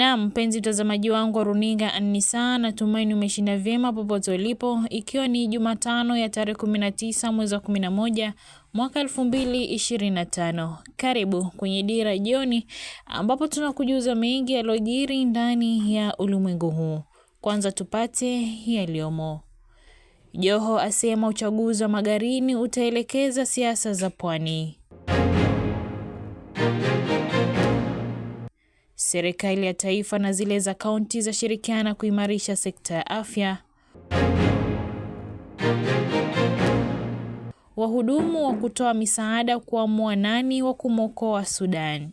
Na mpenzi mtazamaji wangu wa runinga Anisa, natumaini umeshinda vyema popote ulipo, ikiwa ni Jumatano ya tarehe 19 mwezi wa 11 mwaka 2025. Karibu kwenye Dira Jioni, ambapo tunakujuza mengi yaliyojiri ndani ya ulimwengu huu. Kwanza tupate yaliyomo. Joho asema uchaguzi wa Magarini utaelekeza siasa za Pwani. serikali ya taifa na zile za kaunti zashirikiana kuimarisha sekta ya afya. Wahudumu wa kutoa misaada kuamua nani wa kumwokoa Sudan.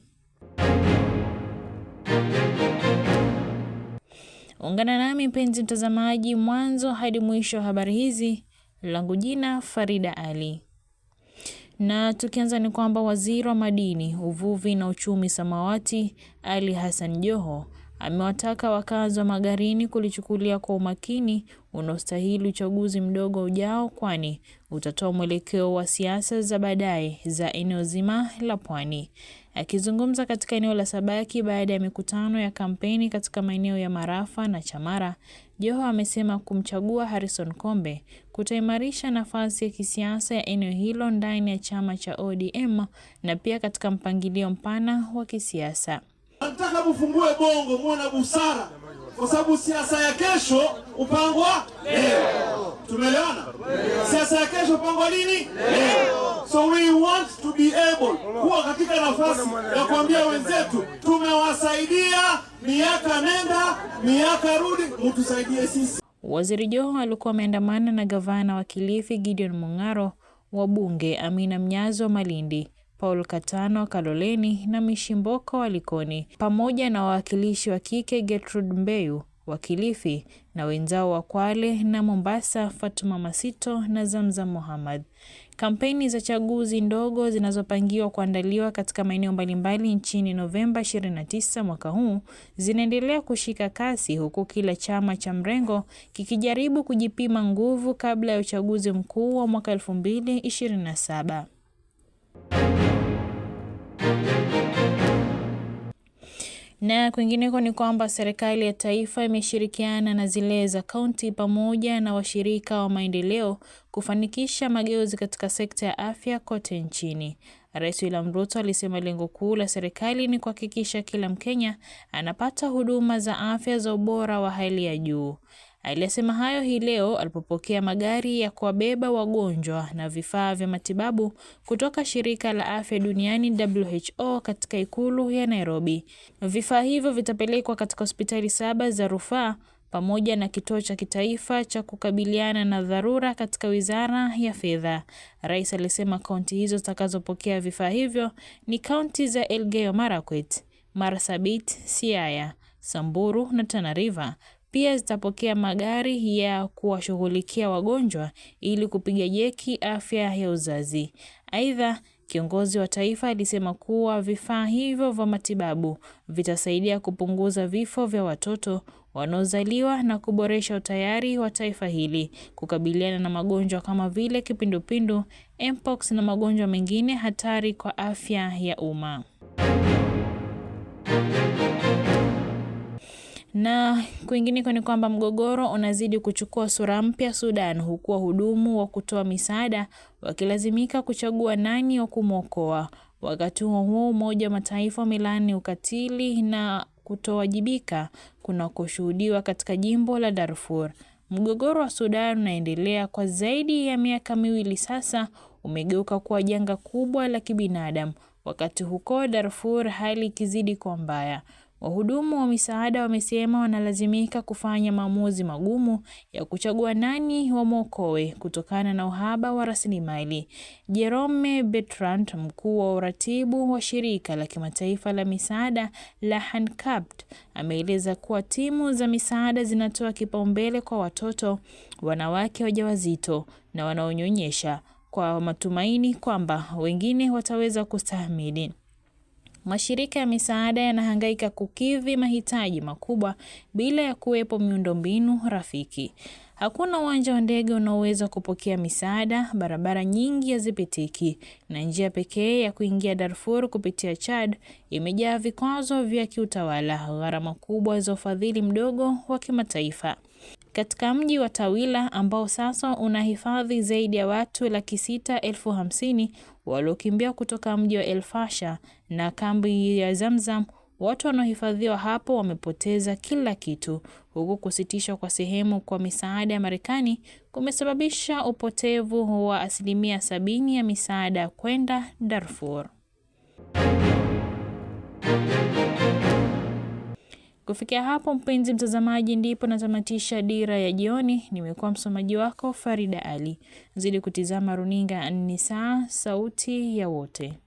Ungana nami mpenzi mtazamaji, mwanzo hadi mwisho wa habari hizi. Langu jina Farida Ali. Na tukianza ni kwamba waziri wa madini, uvuvi na uchumi samawati Ali Hassan Joho Amewataka wakazi wa Magarini kulichukulia kwa umakini unaostahili uchaguzi mdogo ujao kwani utatoa mwelekeo wa siasa za baadaye za eneo zima la Pwani. Akizungumza katika eneo la Sabaki baada ya mikutano ya kampeni katika maeneo ya Marafa na Chamara, Joho amesema kumchagua Harrison Kombe kutaimarisha nafasi ya kisiasa ya eneo hilo ndani ya chama cha ODM na pia katika mpangilio mpana wa kisiasa. Nataka mufungue bongo, muwe na busara, kwa sababu siasa ya kesho upangwa leo. Tumeelewana? Siasa ya kesho upangwa lini? Leo. So we want to be able kuwa katika nafasi ya kuambia wenzetu tumewasaidia miaka nenda miaka rudi, mutusaidie sisi. Waziri Joho alikuwa ameandamana na gavana wa Kilifi Gideon Mung'aro, wabunge Amina Mnyazo wa Malindi Paul Katano Kaloleni na Mishimboko Walikoni, pamoja na wawakilishi wa kike Gertrude Mbeyu wa Kilifi na wenzao wa Kwale na Mombasa, Fatuma Masito na Zamzam Muhammad. Kampeni za chaguzi ndogo zinazopangiwa kuandaliwa katika maeneo mbalimbali nchini Novemba 29 mwaka huu zinaendelea kushika kasi huku kila chama cha mrengo kikijaribu kujipima nguvu kabla ya uchaguzi mkuu wa mwaka 2027. Na kwingineko ni kwamba serikali ya taifa imeshirikiana na zile za kaunti pamoja na washirika wa maendeleo kufanikisha mageuzi katika sekta ya afya kote nchini. Rais William Ruto alisema lengo kuu la serikali ni kuhakikisha kila Mkenya anapata huduma za afya za ubora wa hali ya juu. Aliyasema hayo hii leo alipopokea magari ya kuwabeba wagonjwa na vifaa vya matibabu kutoka shirika la afya duniani WHO katika ikulu ya Nairobi. Vifaa hivyo vitapelekwa katika hospitali saba za rufaa pamoja na kituo cha kitaifa cha kukabiliana na dharura katika wizara ya fedha. Rais alisema kaunti hizo zitakazopokea vifaa hivyo ni kaunti za Elgeyo Marakwet, Marsabit, Siaya, Samburu na Tana River pia zitapokea magari ya kuwashughulikia wagonjwa ili kupiga jeki afya ya uzazi. Aidha, kiongozi wa taifa alisema kuwa vifaa hivyo vya matibabu vitasaidia kupunguza vifo vya watoto wanaozaliwa na kuboresha utayari wa taifa hili kukabiliana na magonjwa kama vile kipindupindu, mpox na magonjwa mengine hatari kwa afya ya umma. Na kwingineko ni kwamba mgogoro unazidi kuchukua sura mpya Sudan, huku wahudumu wa kutoa misaada wakilazimika kuchagua nani wa kumwokoa. Wakati huo huo, Umoja wa Mataifa umelaani ukatili na kutowajibika kunakoshuhudiwa katika jimbo la Darfur. Mgogoro wa Sudan unaendelea kwa zaidi ya miaka miwili sasa, umegeuka kuwa janga kubwa la kibinadamu, wakati huko Darfur hali ikizidi kuwa mbaya. Wahudumu wa misaada wamesema wanalazimika kufanya maamuzi magumu ya kuchagua nani wamwokoe kutokana na uhaba wa rasilimali. Jerome Bertrand, mkuu wa uratibu wa shirika la kimataifa la misaada la Handicaped, ameeleza kuwa timu za misaada zinatoa kipaumbele kwa watoto, wanawake wajawazito na wanaonyonyesha kwa matumaini kwamba wengine wataweza kustahimili. Mashirika ya misaada yanahangaika kukidhi mahitaji makubwa bila ya kuwepo miundombinu rafiki. Hakuna uwanja wa ndege unaoweza kupokea misaada, barabara nyingi hazipitiki, na njia pekee ya kuingia Darfur kupitia Chad imejaa vikwazo vya kiutawala, gharama kubwa za ufadhili mdogo wa kimataifa katika mji wa Tawila ambao sasa unahifadhi zaidi ya watu laki sita elfu hamsini waliokimbia kutoka mji wa elfasha na kambi ya Zamzam. Watu wanaohifadhiwa hapo wamepoteza kila kitu, huku kusitishwa kwa sehemu kwa misaada ya Marekani kumesababisha upotevu wa asilimia sabini ya misaada kwenda Darfur. Kufikia hapo, mpenzi mtazamaji, ndipo natamatisha Dira ya Jioni. Nimekuwa msomaji wako Farida Ali. Zidi kutizama runinga ni saa sauti ya wote.